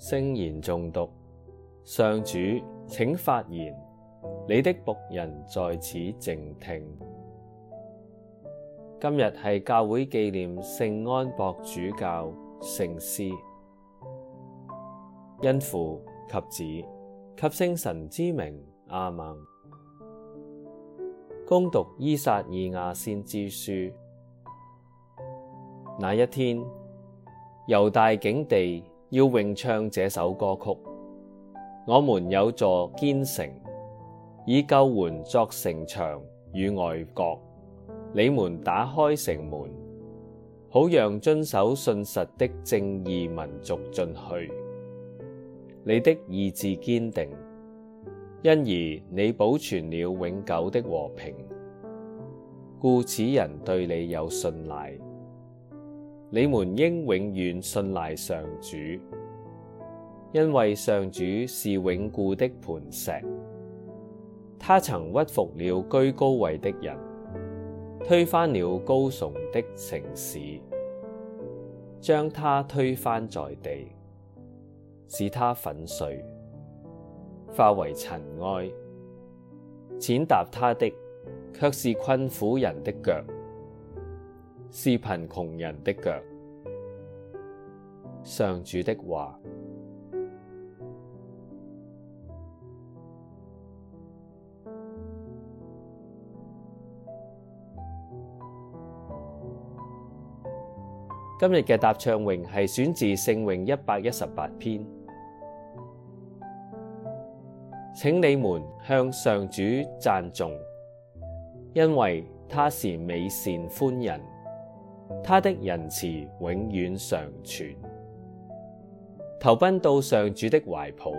聖言誦讀，上主，請發言，你的僕人在此靜聽。今日係教會紀念聖安博主教聖師，因父及子及聖神之名，阿門。恭讀依撒意亞先知書。那一天，猶大境地。要詠唱這首歌曲，我們有座堅城，以救援作城牆與外郭。你們打開城門，好讓遵守信實的正義民族進去。你的意志堅定，因而你保存了永久的和平。故此人對你有信賴。你們應永遠信賴上主，因為上主是永固的磐石。他曾屈服了居高位的人，推翻了高聳的城市，將他推翻在地，使他粉碎，化為塵埃。踐踏他的，卻是困苦人的腳。是貧窮人的腳。上主的話。今日嘅答唱詠係選自聖詠一百一十八篇，請你們向上主讚頌，因為他是美善寬仁。他的仁慈永遠常存，投奔到上主的懷抱，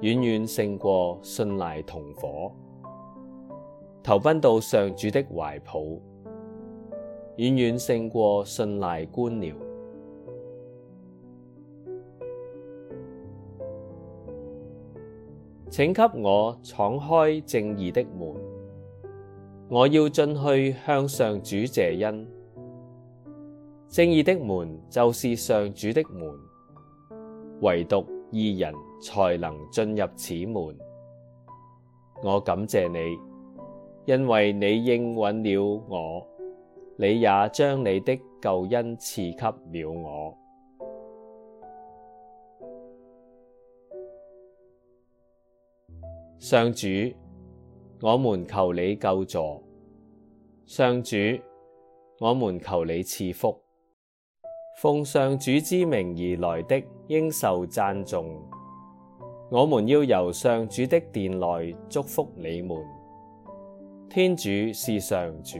遠遠勝過信賴同夥；投奔到上主的懷抱，遠遠勝過信賴官僚。請給我敞開正義的門，我要進去向上主謝恩。正義的門就是上主的門，唯獨義人才能進入此門。我感謝你，因為你應允了我，你也將你的救恩賜給了我。上主，我們求你救助；上主，我們求你賜福。奉上主之名而來的，應受讚頌。我們要由上主的殿內祝福你們。天主是上主，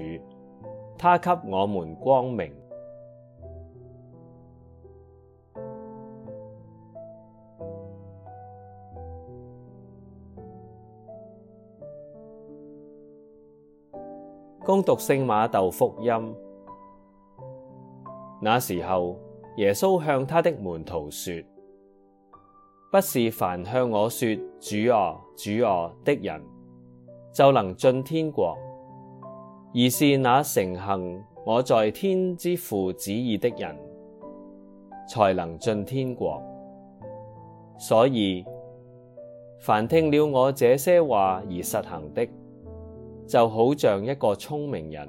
他給我們光明。恭讀聖瑪竇福音。那時候，耶穌向他的門徒說：不是凡向我說主啊！主啊的人，就能進天國，而是那承行我在天之父旨意的人，才能進天國。所以，凡聽了我這些話而實行的，就好像一個聰明人。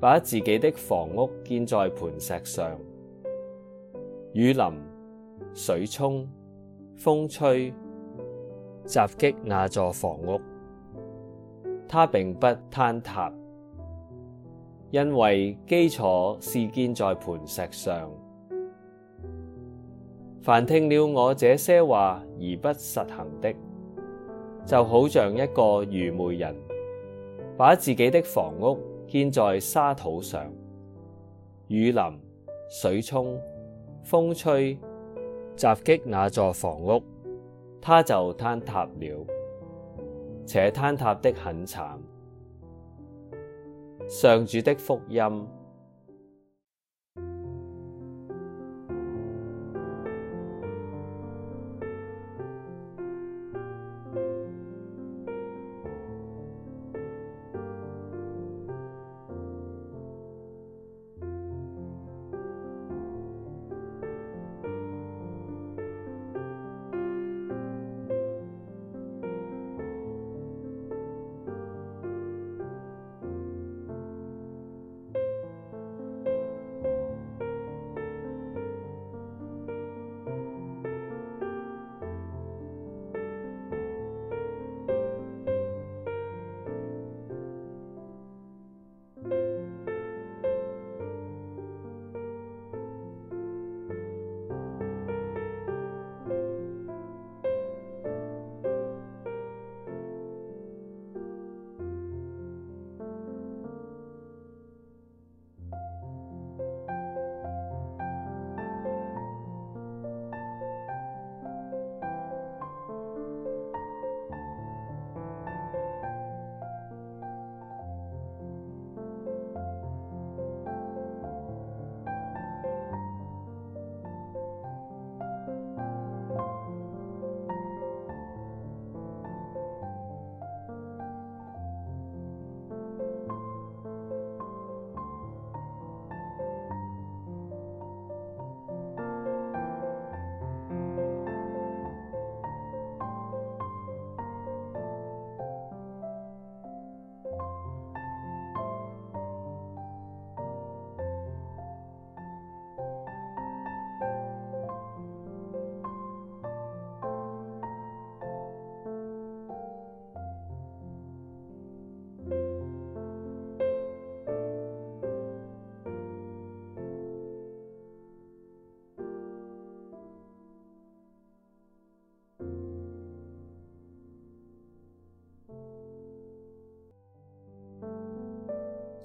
把自己的房屋建在磐石上，雨淋、水沖、風吹，襲擊那座房屋，它並不坍塌，因為基礎是建在磐石上。凡聽了我這些話而不實行的，就好像一個愚昧人，把自己的房屋。建在沙土上，雨淋、水沖、風吹，襲擊那座房屋，它就坍塌了，且坍塌得很慘。—上主的福音。